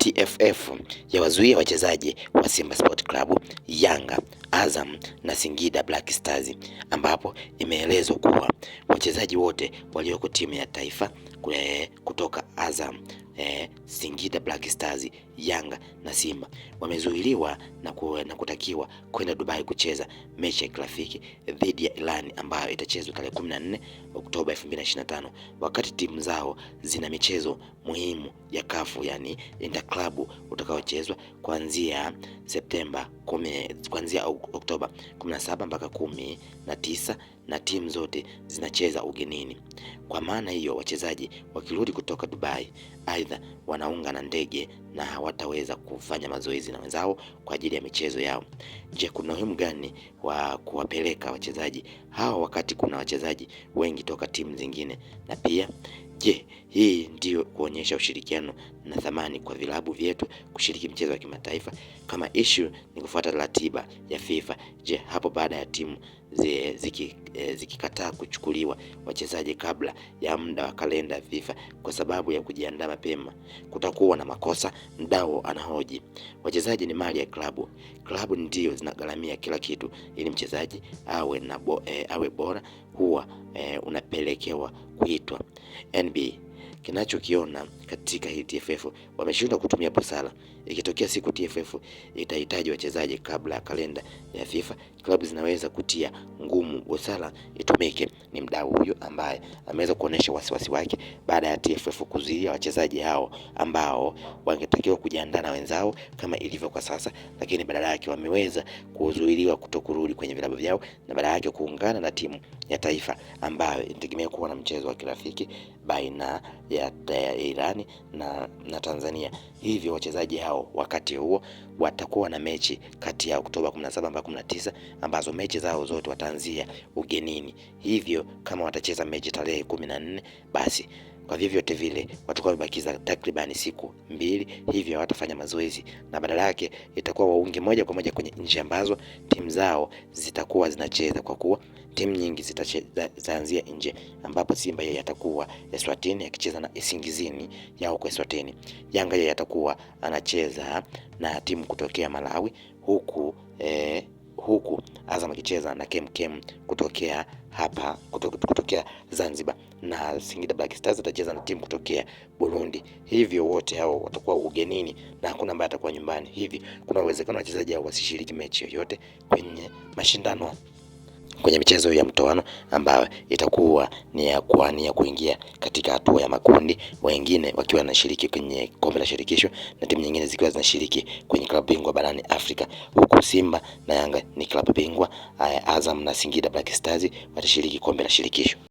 TFF yawazuia wachezaji wa Simba Sport Club, Yanga, Azam na Singida Black Stars, ambapo imeelezwa kuwa wachezaji wote walioko timu ya taifa kutoka Azam eh, Singida Black Stars, Yanga na Simba wamezuiliwa na, ku, na kutakiwa kwenda Dubai kucheza mechi ya kirafiki dhidi ya Iran ambayo itachezwa tarehe 14 Oktoba 2025 wakati timu zao zina michezo muhimu ya kafu yani Club utakaochezwa kuanzia Septemba 10 kuanzia Oktoba 17 mpaka 19 na timu zote zinacheza ugenini. Kwa maana hiyo, wachezaji wakirudi kutoka Dubai, aidha wanaunga na ndege na hawataweza kufanya mazoezi na wenzao kwa ajili ya michezo yao. Je, kuna umuhimu gani wa kuwapeleka wachezaji hawa wakati kuna wachezaji wengi toka timu zingine? Na pia Je, hii ndiyo kuonyesha ushirikiano na thamani kwa vilabu vyetu kushiriki mchezo wa kimataifa? Kama issue ni kufuata ratiba ya FIFA, je, hapo baada ya timu e, zikikataa ziki kuchukuliwa wachezaji kabla ya muda wa kalenda ya FIFA kwa sababu ya kujiandaa mapema, kutakuwa na makosa? mdao anahoji. Wachezaji ni mali ya klabu, klabu ndio zinagharamia kila kitu ili mchezaji awe na bo, e, awe bora huwa eh, unapelekewa kuitwa NB kinachokiona katika hii TFF wameshindwa kutumia busara. Ikitokea siku TFF itahitaji wachezaji kabla ya kalenda ya FIFA, klabu zinaweza kutia ngumu busara itumike. Ni mdau huyo ambaye ameweza kuonesha wasiwasi wake baada ya TFF kuzuia wachezaji hao ambao wangetakiwa kujiandaa na wenzao kama ilivyo kwa sasa, lakini badala yake wameweza kuzuiliwa kutokurudi kwenye vilabu vyao na badala yake kuungana na timu ya taifa ambayo inategemea kuwa na mchezo wa kirafiki baina ya, Iran na, na Tanzania. Hivyo wachezaji hao wakati huo watakuwa na mechi kati ya Oktoba 17 mpaka 19 ambazo mechi zao zote wataanzia ugenini. Hivyo kama watacheza mechi tarehe 14 basi kwa vyovyote vile watakuwa wamebakiza takribani siku mbili, hivyo hawatafanya mazoezi na badala yake itakuwa waunge moja kwa moja kwenye nchi ambazo timu zao zitakuwa zinacheza, kwa kuwa timu nyingi zitaanzia nje, ambapo Simba yeye atakuwa Eswatini akicheza na Isingizini yao kwa Eswatini. Yanga yeye atakuwa anacheza na timu kutokea Malawi huku eh, huku Azam akicheza na KMKM kutokea hapa kutokea Zanzibar, na Singida Black Stars atacheza na timu kutokea Burundi. Hivyo wote hao watakuwa ugenini na hakuna ambaye atakuwa nyumbani, hivi kuna uwezekano wachezaji hao wasishiriki mechi yoyote kwenye mashindano kwenye michezo ya mtoano ambayo itakuwa ni ya kuania kuingia katika hatua ya makundi, wengine wakiwa wanashiriki kwenye kombe la shirikisho na timu nyingine zikiwa zinashiriki kwenye klabu bingwa barani Afrika, huku Simba na Yanga ni klabu bingwa, eh, Azam na Singida Black Stars watashiriki kombe la shirikisho.